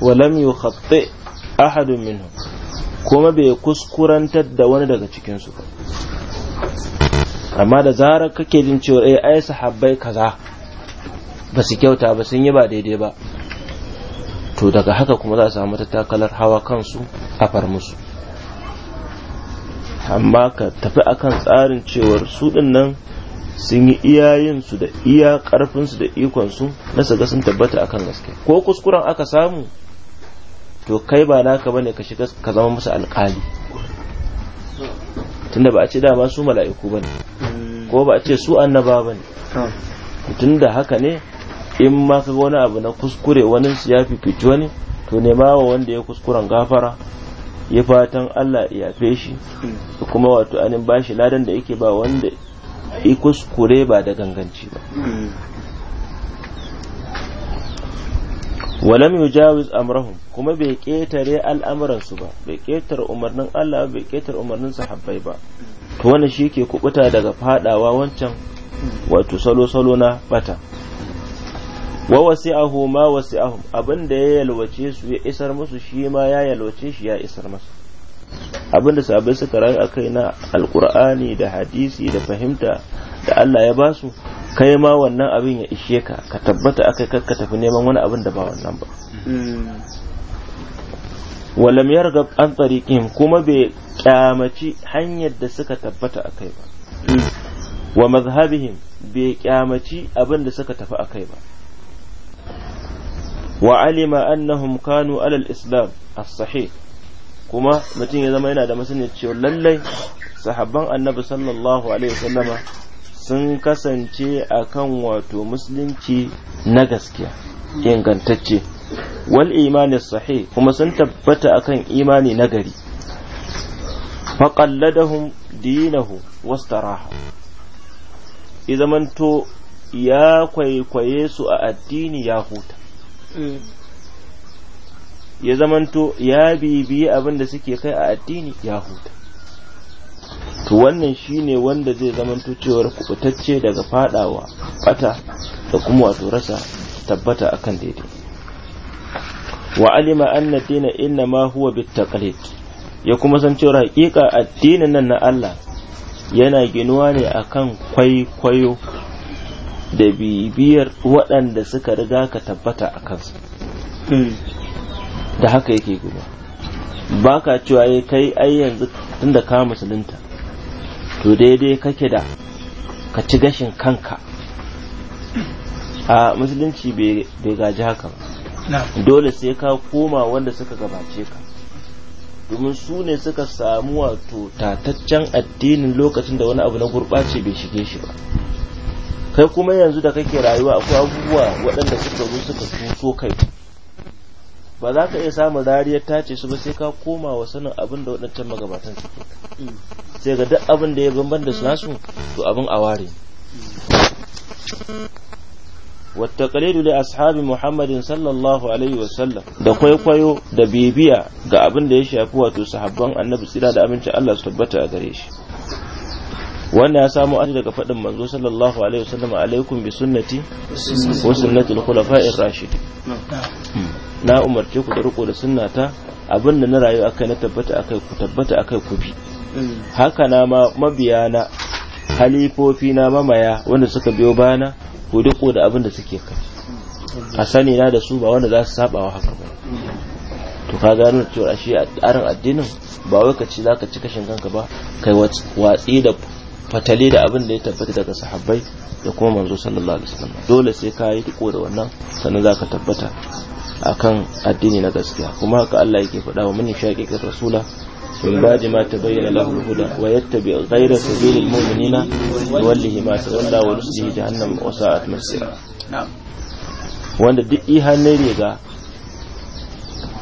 A: walam yukhatti ahadan minhu kuma bai kuskurantar da wani daga cikinsu ba amma da zarar kake jin cewa eh, ai sahabbai kaza ba su kyauta ba sun yi ba daidai ba to daga haka kuma za a samu tattakalar hawa kansu a far musu amma ka tafi akan tsarin cewar su nan sun yi iyayensu da iya karfinsu da ikonsu na saga sun tabbata akan gaske ko kuskuren aka samu to kai ba naka bane ka shiga ka zama musu alkali tunda ba a ce dama su mala'iku bane ko ba a ce su annaba bane tunda haka ne in ma ka wani abu na kuskure wani su ya fifici wani to nema wa wanda ya kuskuren gafara ya fatan Allah ya yafe shi kuma wato anin bashi ladan da yake ba wanda i kuskure ba da ganganci ba walam yujawiz amrahum kuma bai ketare al'amuransu ba bai ketare umarnin Allah bai ketare umarnin sahabbai ba to wannan shi ke kubuta daga fadawa wancan wato salo-salo na bata wa wasi'ahu ma wasiahu abinda da ya yalwace su ya isar musu shi ma ya yalwace shi ya isar musu abin da sabai suka rayu a kai na alkur'ani da hadisi da fahimta da Allah ya basu kai ma wannan abin ya ishe ka ka tabbata akai kar ka tafi neman wani abin da ba wannan ba walam yargab an tariqihim kuma bai kyamaci hanyar da suka tabbata akai ba wa mazhabihim bai kyamaci abin da suka tafi akai ba Wa وعلم أنهم كانوا على الإسلام الصحيح kuma mutum ya zama yana da masanin cewa lallai sahabban annabi sallallahu alaihi wasallama sun kasance akan wato musulunci na gaskiya ingantacce wal imani sahih kuma sun tabbata akan imani na gari faqalladahum dinahu wastaraha zamanto ya kwaikwaye su a addini ya huta Mm. ya zamanto ya bibiyi abin da suke kai a addini ya huta to wannan shine wanda zai zamanto cewar kubutacce daga fadawa bata da kuma wato rasa tabbata akan daidai wa alima anna dina inna ma huwa bittaqlid ya kuma san cewa hakika addinin nan na Allah yana ginuwa ne akan kwaikwayo da bibiyar waɗanda suka riga ka tabbata a kansu hmm. da haka yake guba ba ka cewa ya eh, kai ai yanzu tunda ka musulunta to daidai kake da ka ci gashin kanka a musulunci bai gaji haka ba dole sai ka koma wanda suka gabace ka domin su ne suka samu wato tataccen addinin lokacin da wani abu na gurɓace bai shige shi ba kai kuma yanzu da kake rayuwa akwai abubuwa waɗanda suka zo suka tuso kai ba za ka iya samun rariyar tace su ba sai ka koma wa sanin abin da waɗancan magabatan su sai ga duk abin da ya bambam da su to abin a ware wattaqalidu li ashabi muhammadin sallallahu alaihi wasallam da kwaikwayo da bibiya ga abin da ya shafi wato sahabban annabi tsira da aminci Allah su tabbata a gare shi wannan ya samu asali daga faɗin manzo sallallahu alaihi wasallam alaikum bi sunnati wa sunnati al-khulafa'ir rashidin na umarce ku da riko da sunnata abinda na rayu akai na tabbata akai ku tabbata akai ku bi haka na ma mabiya na halifofi na mamaya wanda suka biyo bana ku riko da abinda suke kai a sani na da su ba wanda za su saba wa haka ba to ka gano cewa shi a tsarin addinin ba wai ka ci za ka ci kashin kanka ba kai watsi da fatale da abin da ya tabbata daga sahabbai da kuma manzo sallallahu alaihi wasallam dole sai ka yi duko da wannan sannan zaka tabbata akan addini na gaskiya kuma haka Allah yake faɗa wa mun shaƙi ka rasula min ba'di ma tabayyana lahu al-huda wa yattabi ghayra sabili al-mu'minina yuwallihi ma tawalla wa nuslihi jahannam wa sa'at masira wanda duk ihanne riga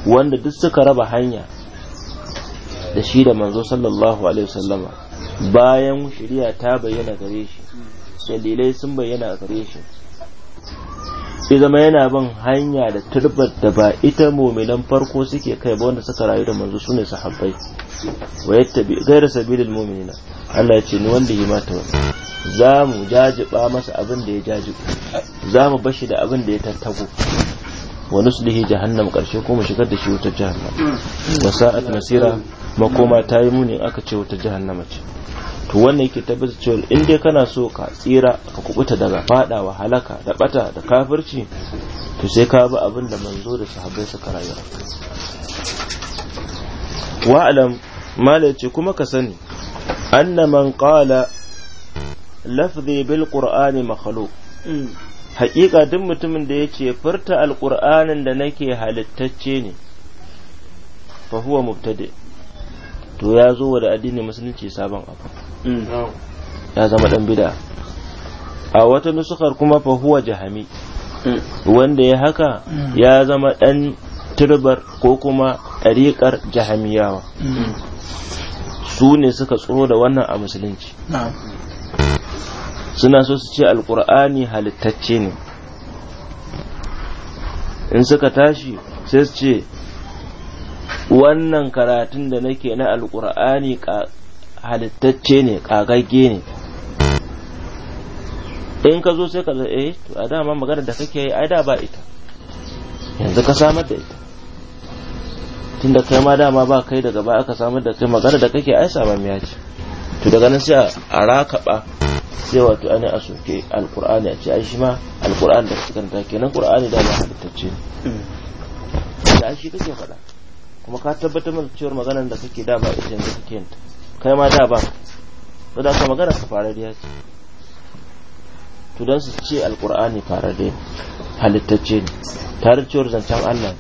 A: wanda duk suka raba hanya da shi da manzo sallallahu alaihi wasallama bayan shari'a ta bayyana gare shi dalilai sun bayyana a gare shi sai zama yana bin hanya da turbar da ba ita muminan farko suke kai ba wanda suka rayu da manzo su ne sahabbai wa yattabi ghayra sabilil mu'minina Allah ya ce ni wanda yi mata wani za mu jajiba masa abin da ya jajibu za mu bashi da abin da ya tattago wa nuslihi jahannam karshe ko mu shigar da shi wutar jahannam wasa'at sa'at masira makoma ta yi muni aka ce wata jahannama ce to wannan yake tabbata cewa in dai kana so ka tsira ka kubuta daga fadawa halaka da bata da kafirci to sai ka bi abin da manzo da sahabbai suka rayu wa'alam malai ce kuma ka sani anna man qala lafzi bil qur'ani makhluq hmm. haƙiƙa duk mutumin da ya ce furta alqur'anin da nake halittacce ne fa huwa mubtadi' to ya zo wa da addinin musulunci sabon abu mm. ya zama dan bid'a a wata nusukar kuma fa jahami mm. wanda ya haka ya zama dan turbar ko kuma ɗariƙar jahamiyawa mm. su ne suka tsoro da wannan a musulunci suna so su ce alkur'ani halittacce ne in suka tashi sai su ce wannan karatun da nake na alkur'ani halittacce ne kagagge ne in ka zo sai ka eh to a dama magana da kake yi ai da ba ita yanzu ka samar da ita tunda kai ma dama ba kai daga ba aka samar da kai magana da kake ai samammiya ce to daga nan sai a rakaba sai wato ani a soke alkur'ani a ce ai shi ma alkur'ani da suka kenan kur'ani da ba halittacce ne da shi kake faɗa kuma ka tabbatar mana cewar maganar da kake da ba ita yanzu kake yin kai ma da ba to da ka magana ka da ce to dan su ce alqur'ani farare halittacce ne tare cewar zancen Allah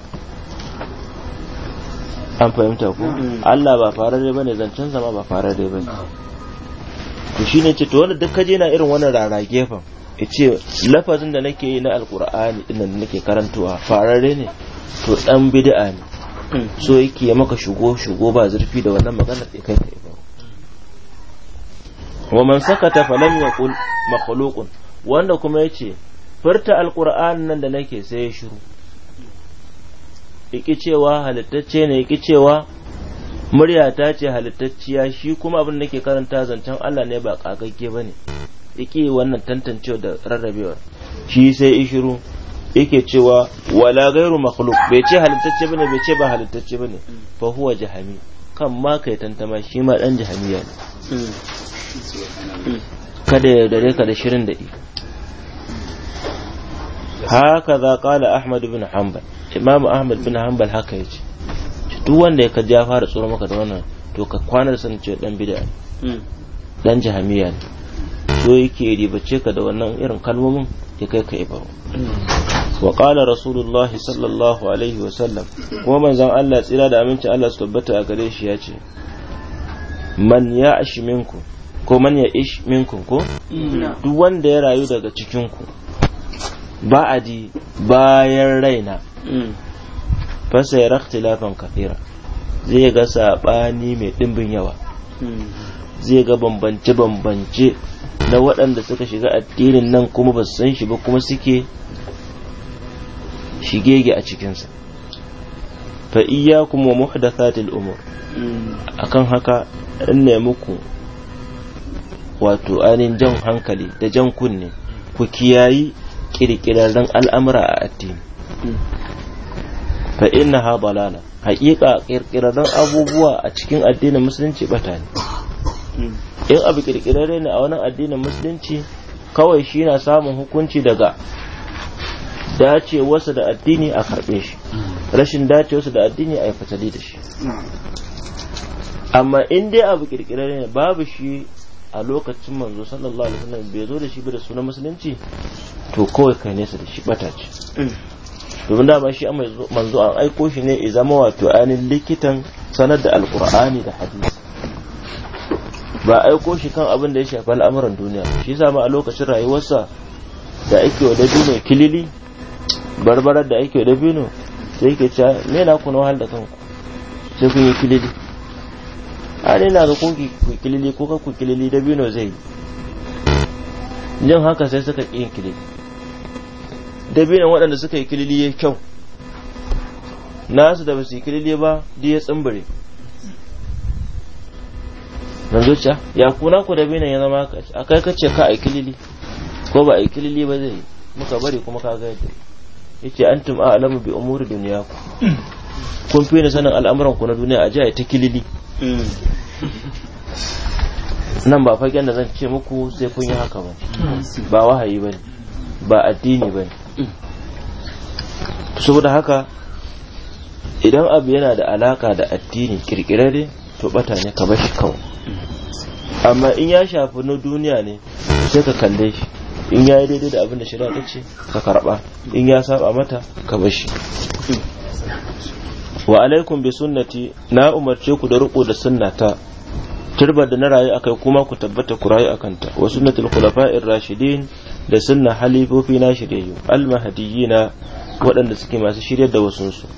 A: an fahimta ko Allah ba farare bane zancen zama ba farare bane to shine ce to wanda duk kaje na irin wannan rara gefen ce lafazin da nake yi na alkur'ani din da nake karantuwa farare ne to dan bid'a ne so yake ya maka shugo shugo ba zurfi da wannan magana sai kai kai ba wa man sakata lam yaqul makhluqun wanda kuma yace furta alqur'an nan da nake sai ya shiru yake cewa halittacce ne yake cewa murya ta ce halittacciya shi kuma abin da nake karanta zancen Allah ne ba kagagge bane yake wannan tantancewa da rarrabewa shi sai ya yake cewa wala gairu makhluk bai ce halittacce bane bai ce ba halittacce bane fa huwa jahami kan ma kai tantama shi ma dan jahamiya ne kada ya dare ka da shirin da haka za kala ahmad bin hanbal imamu ahmad bin hanbal haka ya ce duk wanda ya kaji ya fara tsoro maka da wannan to ka da san cewa dan bid'a hmm. dan jahamiya ne so yake ribace ka da wannan irin kalmomin ya kai ka ibaru wa qala rasulullahi sallallahu alaihi wa sallam kuma manzon Allah tsira da aminci Allah su tabbata a gare shi yace ce man ya ashi minku ko man ya ish minkum ko duk wanda ya rayu daga cikin ku ba'adi bayan raina fasa ya rakhtilafan kafira zai ga sabani mai dimbin yawa zai ga bambance-bambance na waɗanda suka shiga addinin nan kuma ba su san shi ba kuma suke shigege a cikinsa fa iyyakum wa muhdathatil umur mm. kan haka in muku wato ani jan hankali da jan kunne ku kiyayi kirkirarren al'amura a addini mm. fa inna ha balala haƙiƙa kirkirarren abubuwa a cikin addinin musulunci bata ne mm. in abu kirkirarre ne a wani addinin musulunci kawai shi na samun hukunci daga dacewarsa da addini a karbe shi rashin dacewarsa da addini a yi fatali da shi amma in dai abu kirkirarre ne babu shi a lokacin manzo sallallahu alaihi wasallam bai zo da shi ba da sunan musulunci to kawai kai nesa da shi bata ce domin dama shi manzo an aiko shi ne i zama wato ainihin likitan sanar da alkur'ani da hadisi ba aiko shi kan abin da ya shafi al'amuran duniya shi yasa ma a lokacin rayuwarsa da ake wa dabino kilili barbarar da ake wa dabino sai ke cewa me na kuna wahal da kanku sai kun yi kilili a ne na ga kun kilili ko ka ku kilili dabino zai yi jin haka sai suka ƙi yin kilili dabinon waɗanda suka yi kilili ya kyau nasu da ba su yi kilili ba duk ya tsimbire don zuciya ya kuna ku da binan ya zama haka a kai kace ka aiki lili ko ba aiki lili ba zai muka bari kuma ka ga yadda yace antum a'lamu bi umuri dunyaku kun fi ne sanin al'amuran ku na duniya a ji ta kilili nan ba fagen da zan ce muku sai kun yi haka ba ba wahayi ba ne ba addini ba ne. saboda haka idan abu yana da alaka da addini kirkirare to bata ne ka bashi kawai amma in ya shafi na duniya ne sai ka kalle shi in ya yi daidai da abin da shari'a ta ce ka karba in ya saba mata ka bashi wa alaikum bi sunnati na umarce ku da riko da sunnata turbar da na rayu akai kuma ku tabbata ku rayu akan ta wa sunnatul khulafa'ir rashidin da sunna halifofi na shiryayyu mahdiyina waɗanda suke masu shiryar da wasunsu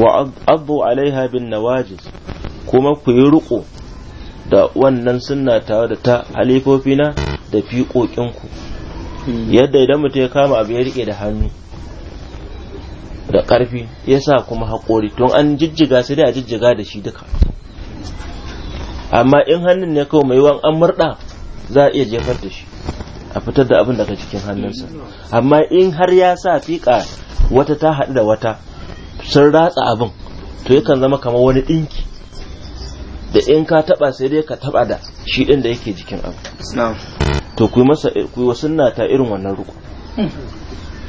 A: wa abu alaiha bin nawajis kuma ku yi riko da wannan sunna tawa da ta halifofina da fiƙoƙinku yadda idan mutum ya kama abu ya riƙe da hannu da ƙarfi ya sa kuma haƙori tun an jijjiga sai dai a jijjiga da shi duka amma in hannun ne kawai mai wan an murɗa za a iya jefar da shi a fitar da abin daga cikin hannunsa amma in har ya sa fiƙa wata ta haɗu da wata sun ratsa abin to yakan zama kamar wani ɗinki da in ka taba sai dai ka taba da shi din da yake jikin abu to ku masa ku wasu ta irin wannan ruku hmm.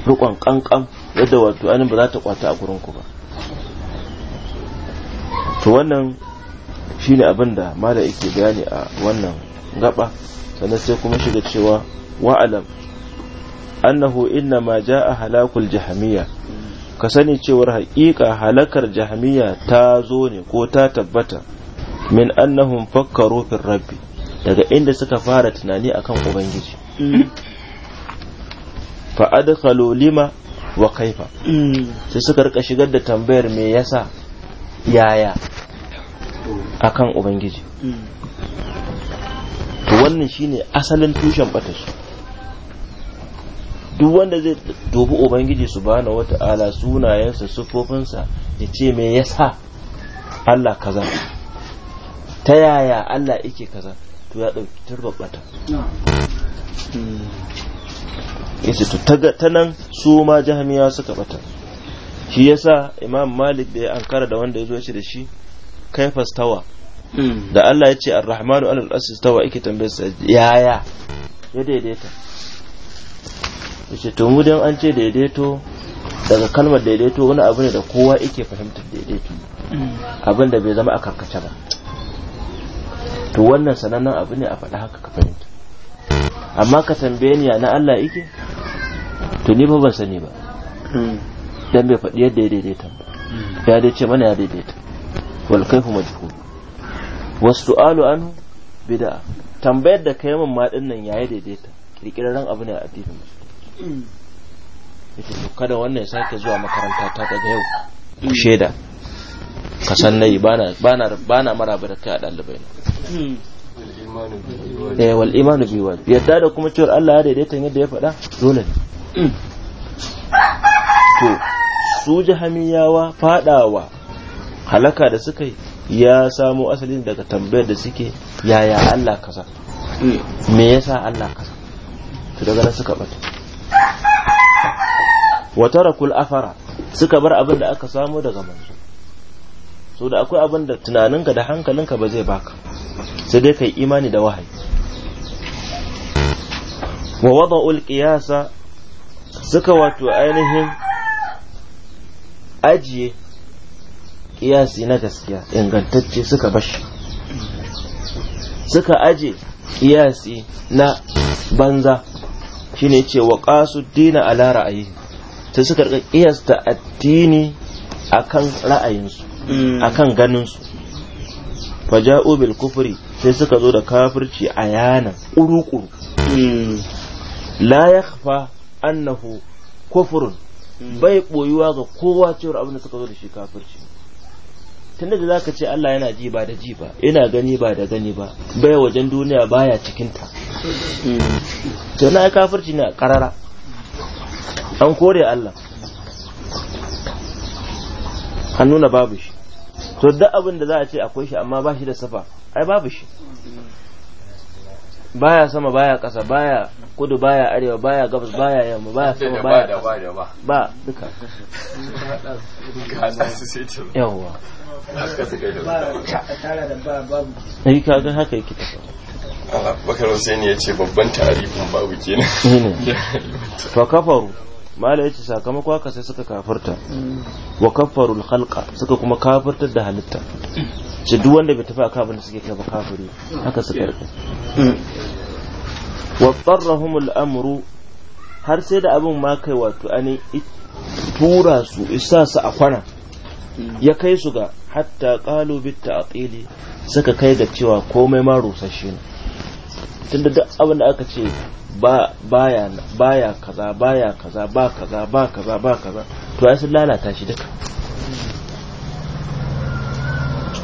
A: rukon kankan yadda wato anin ba za ta kwata a gurin ku ba to wannan shine abin da mala yake bayani a wannan gaba sannan sai kuma shiga cewa wa'alam annahu inna ma ja'a halakul jahmiya ka sani cewar hakika halakar jahamiyya ta zo ne ko ta tabbata min annahum fakkaru fil rabbi daga inda suka fara tunani akan ubangiji mm. fa adkhalu lima wa kaifa mm. sai suka rika shigar da tambayar me yasa yaya akan ubangiji mm. to wannan shine asalin tushen batashi duk wanda zai dubi ubangiji subhanahu wata'ala sunayensa sufofinsa ya ce me yasa Allah kaza ta yaya Allah yake kaza to ya ɗauki turbabata hmm. yace to ta nan su ma jahamiya suka bata shi yasa imam malik da ya ankara da wanda ya zo shi da shi kai fastawa hmm. da Allah ya ce ar alal asis tawa yake tambayar sa yaya ya daidaita yace to mu dan an ce daidaito daga kalmar daidaito wani abu ne da kowa yake fahimtar daidaito hmm. abin da bai zama a karkace ba to wannan sanannen abu ne a faɗa haka ka fahimta amma ka tambaye ni na Allah yake to ni ba ban sani ba dan bai faɗi yadda ya daidaita hmm. ya dai ce mana ya daidaita wal kaifu majhul was su'alu anhu bid'a tambayar da kai min ma din nan yayi daidaita kirkirarren abu ne a addinin musulunci yace kada wannan ya sake zuwa makaranta ta daga yau hmm. sheda ka san nayi bana bana bana maraba da kai a dalibai na
B: Hmm. eh wal
A: imanu bi wal yadda da kuma cewa Allah ya daidaita yadda ya faɗa dole ne to su jahamiyawa fadawa halaka da suka yi ya samo asalin daga tambayar da suke yaya Allah kaza me yasa Allah kaza to daga nan suka bata wa tarakul afara suka bar abin da aka samo daga manzo so da akwai abin da tunaninka da hankalinka ba zai baka sai dai kai imani da wahayi wa wada'ul qiyasa suka wato ainihin ajiye kiyasi na gaskiya ingantacce suka bashi suka aje kiyasi na banza shine ce wa qasu dina ala ra'ayi sai suka kiyasta addini akan ra'ayinsu Mm. akan ganin su faja'u bil kufri sai suka zo da kafirci a yana kuru-kuru mm. la yakhfa annahu kufrun mm. bai ɓoyuwa ga kowa cewar abin da suka zo da shi kafirci tunda da zaka ce Allah yana ji ba da ji ba yana gani ba da gani ba bai wajen duniya baya cikin ta to na kafirci ne karara an kore Allah an nuna babu shi to duk abin da za a ce akwai shi amma ba shi da safa ai babu shi baya sama baya kasa baya kudu baya arewa baya gabas baya yamma baya sama baya ba duka yawwa ai ka eh, haka yake tafa bakar hussein ya ce babban tarihin babu kenan to kafaru mala yace sakamako haka sai suka kafirta wa kafarul khalqa suka kuma kafirtar da halitta ce duk wanda bai tafi a abin da suke kai ba kafiri haka suka wa tsarrahum amru har sai da abin ma kai wato ani tura su isa su a kwana ya kai su ga hatta qalu bit ta'tili suka kai da cewa komai ma rusashe ne tunda duk abin da aka ce ba baya baya kaza baya kaza ba kaza ba kaza ba kaza to ai sun lalata shi duka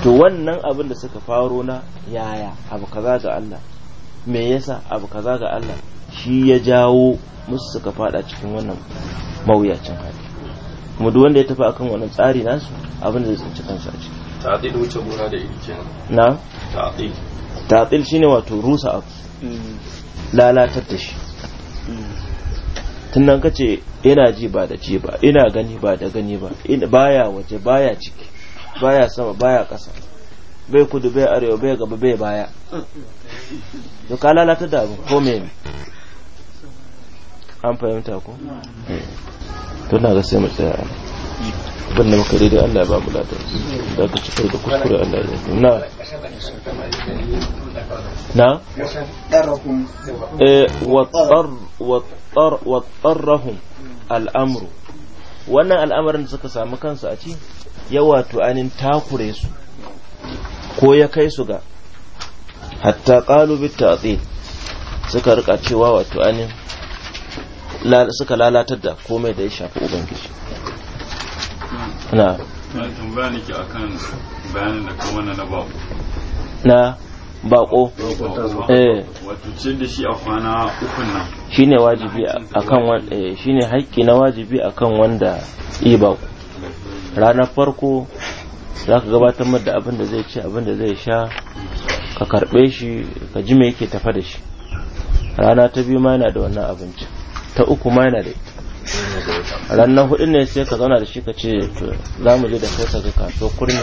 A: to wannan abin da suka faro na yaya abu kaza ga Allah me yasa abu kaza ga Allah shi ya jawo musu suka fada cikin wannan mawuyacin hali kuma duk wanda ya tafi akan wannan tsari nasu abin da zai tsinci kansa a ciki ta'dil wuce gona da iri kenan na ta'dil ta'dil shine wato rusa abu mm. lalatar da shi tunan kace ce ina ji ba da ji ba ina gani ba da gani ba baya waje baya ciki baya sama baya ƙasa bai kudu bai arewa bai gaba bai baya to ka lalata da abu ko me an fahimta ko to na ga sai mu tsaya abin da muka daidai Allah ya ba mu lada. da ka cikar da kuskure Allah ya yi na na eh wattarrahum al'amru wannan al'amarin da suka samu kansu a ci yawa tu'anin takure su ko ya kai su ga hatta qalu a ta'til suka rika cewa tu'anin anin suka lalatar da komai da ya shafi ubangiji na da na bako eh da shi a kwana ukun nan shine wajibi akan wanda eh, shine haƙƙi na wajibi akan wanda yi bako ranar farko za ka gabatar mar da abin da zai ci abin da zai sha ka karɓe shi ka ji me yake tafa da shi rana ta biyu ma yana da wannan abinci ta uku ma yana da ita ranar hudu ne sai ka zauna da shi ka ce to za mu je da kai ga kaso kurmi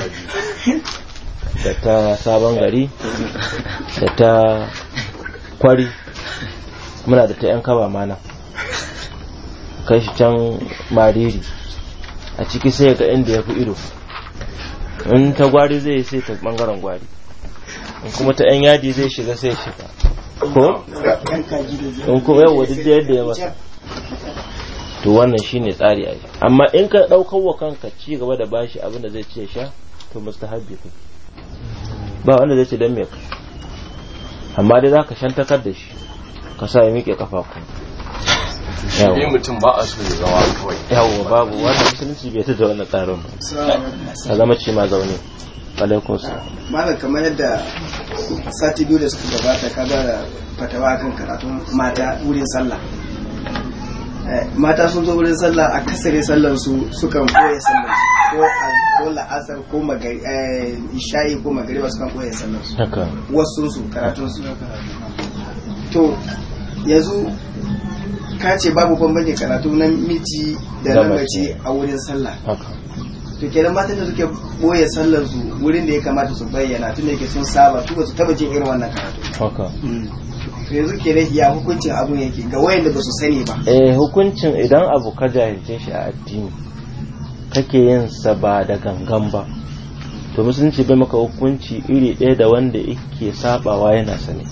A: da ta sabon gari da ta kwari muna da ta yan kaba mana kai shi can mariri a ciki sai ga inda ya fi ido in ta gwari zai sai ta bangaren gwari in kuma ta yan yadi zai shiga sai shiga ko in kuma yau wadda yadda ya masa to wannan shine tsari a amma in ka daukar wa kanka ci gaba da bashi abin da zai ce sha to mustahabbi kai ba wanda zai ce dan me kai amma dai za ka shantakar da shi ka sa ya miƙe kafa ku shi
B: mutum ba a so ya zama kawai yawo
A: babu wannan musulunci bai da wannan tsarin ba ka zama ci ma zaune alaikum salam
C: malam kamar yadda sati biyu da suka gabata ka ga fatawa kan karatun mata wurin sallah Eh, mata sun zo wurin sallah a kasare sallar su sukan koya sallar ko a ko la'asar ko magari eh, isha'i ko magariba sukan koya sallar su wasu su karatun su to yanzu ka ce babu bambanci karatu na miji da na mace a wurin sallah to kenan matan da suke koya sallar su wurin da ya kamata su bayyana tun da yake sun saba su su taba jin irin wannan
A: karatu mm.
C: yanzu ke ne ya hukuncin abu yake ga wayanda ba su sani ba
A: eh hukuncin idan abu ka jahilce shi a addini kake yin sa ba da gangan ba to musulunci bai maka hukunci iri ɗaya da wanda yake sabawa yana sani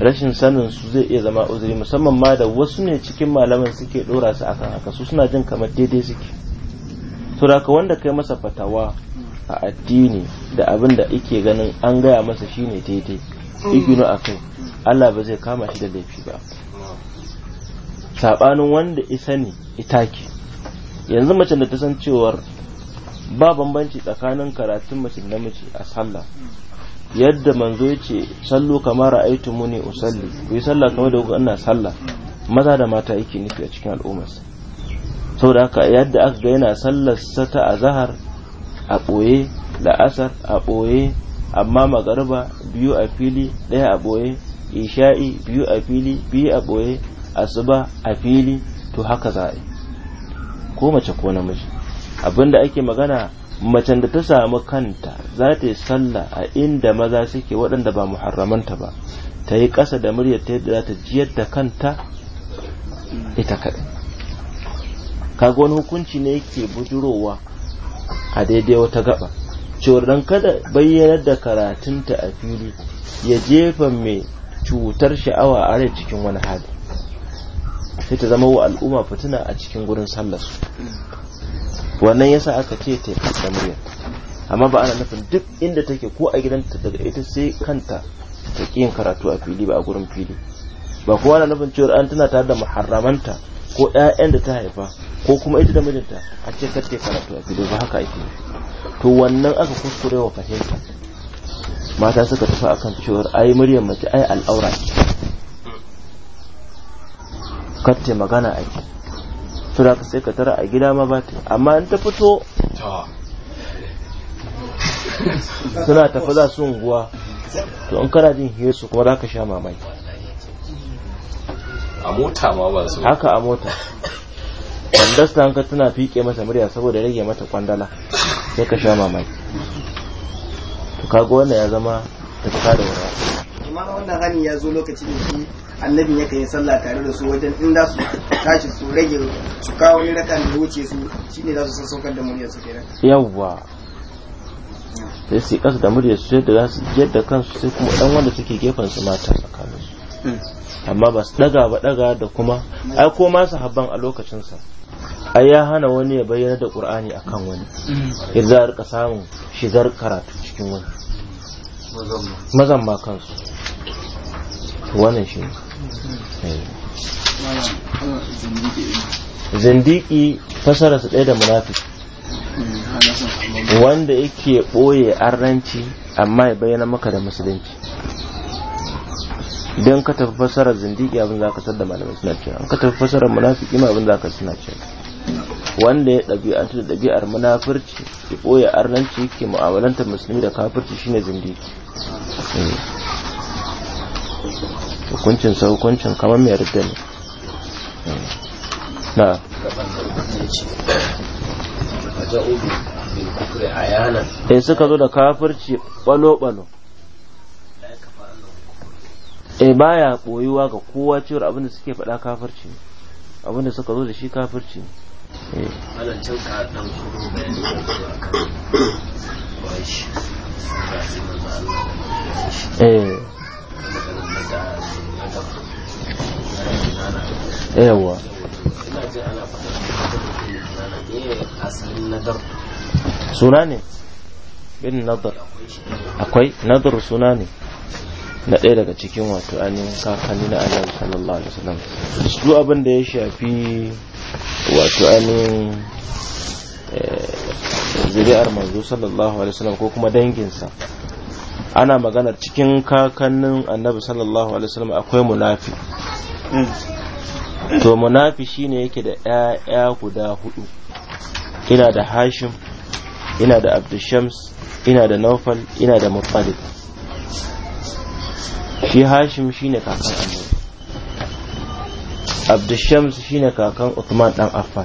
A: rashin sanin su zai iya zama uzuri musamman ma da wasu ne cikin malaman suke dora su akan haka su suna jin kamar daidai suke to da wanda kai masa fatawa a addini da abin da ike ganin an gaya masa shine daidai igino a kai Allah ba zai kama shi da laifi ba saɓanin wanda isa ne ita ke yanzu mace da ta san cewar ba bambanci tsakanin karatun mace da namiji a sallah yadda manzo yace ce sallu kamar aitu muni usalli ku yi sallah kamar da kuka sallah maza da mata yake nufi a cikin al'umma saboda haka yadda aka ga yana sallar sata a zahar a ɓoye da asar a ɓoye amma magariba biyu a fili ɗaya a ɓoye isha'i biyu a fili biyu a ɓoye asuba a fili to haka za a ko mace ko namiji abinda ake magana macen da ta samu kanta za ta yi sallah a inda maza suke waɗanda ba mu muharramanta ba ta yi ƙasa da muryar ta yadda za ta jiyar da kanta ita kaɗai kaga wani hukunci ne yake bujurowa a daidai wata gaba cewar dan kada bayyanar da karatunta a fili ya jefa mai cutar sha'awa a rai cikin wani hali sai ta zama wa al'umma fitina a cikin gurin sallarsu wannan yasa aka ce ta da murya. amma ba ana nufin duk inda take ko a gidanta daga ita sai kanta ta yin karatu a fili ba a gurin fili ba kuwa ana nufin cewar an tana tare da muharramanta ko 'ya'yan da ta haifa ko kuma ita da mijinta a ce kace karatu a fili ba haka ake to wannan aka kuskure wa fahimta mata suka tafi akan cewar ai muryar mace ai al'aura ce magana ake to da ka sai ka tara a gida ma ba ta amma an ta fito suna tafi za su unguwa to in kana jin su kuma za ka sha mamaki
C: a mota ma ba su haka
A: a mota kwandasta hanka tana fiƙe masa murya saboda rage mata kwandala sai ka sha mamaki to kaga wannan ya zama tafka da wura
C: imama wannan hani ya zo lokacin da shi annabin yakan yi sallah tare da su wajen in za su tashi su rage su kawo ni rakan da wuce su shine za su san saukar da muryar su kenan
A: yawwa sai su kasa da murya su yadda za su yadda kansu sai kuma dan wanda suke gefen su mata tsakanin su hmm. amma ba su daga ba daga da kuma hmm. ai ko ma su habban a lokacin sa ai ya hana wani ya bayyana da qur'ani akan wani mm. ya za a rika samun shigar karatu cikin wani mazan kansu wannan shi eh. zindiki fasara su ɗaya da munafiki wanda yake ɓoye arranci amma ya bayyana maka da musulunci idan ka tafi fasarar zindiki abin za ka san da malamai suna cewa an ka tafi fasarar munafiki ma abin za ka suna cewa wanda ya ɗabi'antu da ɗabi'ar munafurci ya ɓoye arnanci yake mu'amalantar musulmi da kafirci shine zindiki eh. hukuncin saukuncin kamar mai yarda ne eh. na sai eh, suka zo da kafirci ɓano-ɓano e baya boyuwa ga kowa cewar abinda suke faɗa kafirci abinda suka zo da shi kafirci ne eh. eh. yawa suna ne bin nadar akwai nadar suna ne na ɗaya daga cikin wato ainihin kakanni na annabi sallallahu alaihi wasallam su abin da ya shafi wato ainihin eh, zuri'ar manzo sallallahu alaihi wasallam ko kuma danginsa ana magana cikin kakannin annabi sallallahu alaihi wasallam akwai munafi hmm. to munafi shine yake da ƴaƴa guda hudu ina da hashim ina da abdushams ina da nawfal ina da muttalib shi hashim shine kakan annabi abdushams shine kakan uthman dan affan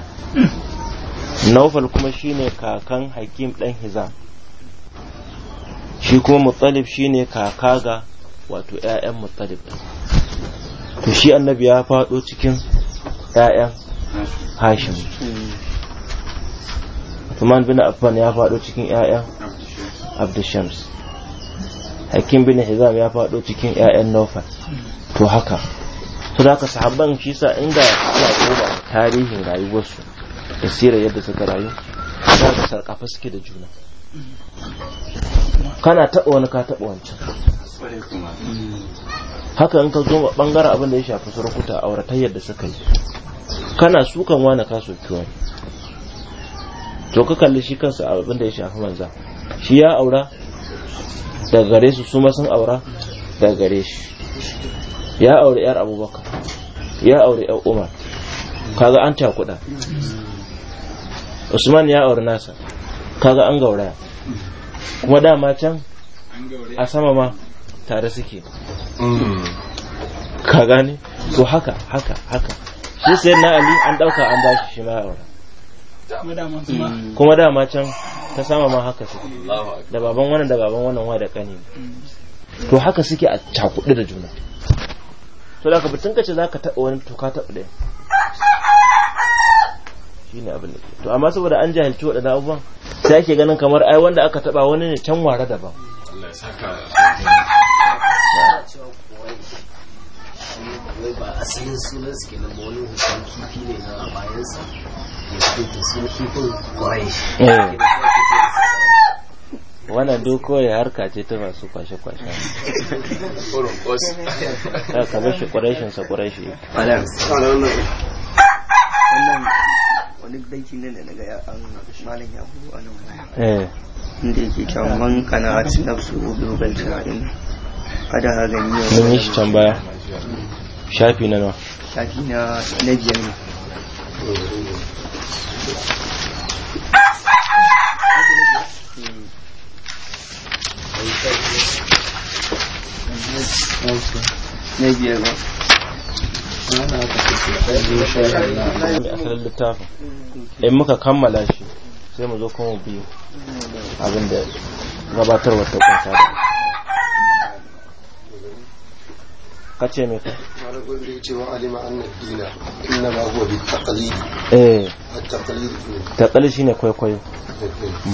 A: naufal kuma shine kakan hakim dan hizam shi kuma mutsalib shine kaka ga wato 'ya'yan mutsalib to shi annabi ya faɗo cikin 'ya'yan hashim Uthman bin Affan ya faɗo cikin 'ya'yan Abdushams hakim bin hizam ya faɗo cikin 'ya'yan nufal to haka to da sahabban shi sa inda ya koma tarihin rayuwarsu da sirar yadda suka rayu za ka sarƙafa suke da juna kana taɓa wani ka taɓa wancan haka in ka zo ɓangaren abin da ya shafi surkuta auratar yadda suka yi kana sukan wani ka soki wani to ka kalli shi kansa abin da ya shafi manza shi ya aura daga gare su suma sun aura daga gare shi ya aure yar abubakar ya aure yar umar kaga an takuda usman ya aure nasa kaga an gauraya kuma dama can a sama ma tare suke ka gane to haka haka haka shi sai na ali an dauka an bashi shi ma aure kuma dama can ka sama ma haka su da baban wannan da baban wannan wa da kani to haka suke a cakuɗe da juna to da ka batun kace za ka taɓa wani to ka taɓa ɗaya shine abin da to amma saboda an jahilci da abubuwan sai ake ganin kamar ai wanda aka taɓa wani ne can ware daban
B: saka
C: ba asalin sunan su kenan ba wani hukun ne na bayansa
A: Eh. wannan doko ya harka ce ta masu kwashe-kwashe
C: ta kamar shi ƙwarashin sa ƙwarashi wani banki ne da daga an malin yahu a nan
A: waya eh. inda yake
C: can man kana a cikin nafsu dogon tunanin kada ha gani yau mun yi shi can
A: baya shafi na nawa
C: shafi na na
A: biyar ne littafin in muka kammala shi sai mu zo kuma biyu abinda gabatarwa ta kwanta ka ce ka malamin da wa alima anna dina inna ma huwa bi taqlid eh at taqlid taqlid shine kwaikwayo eh, eh.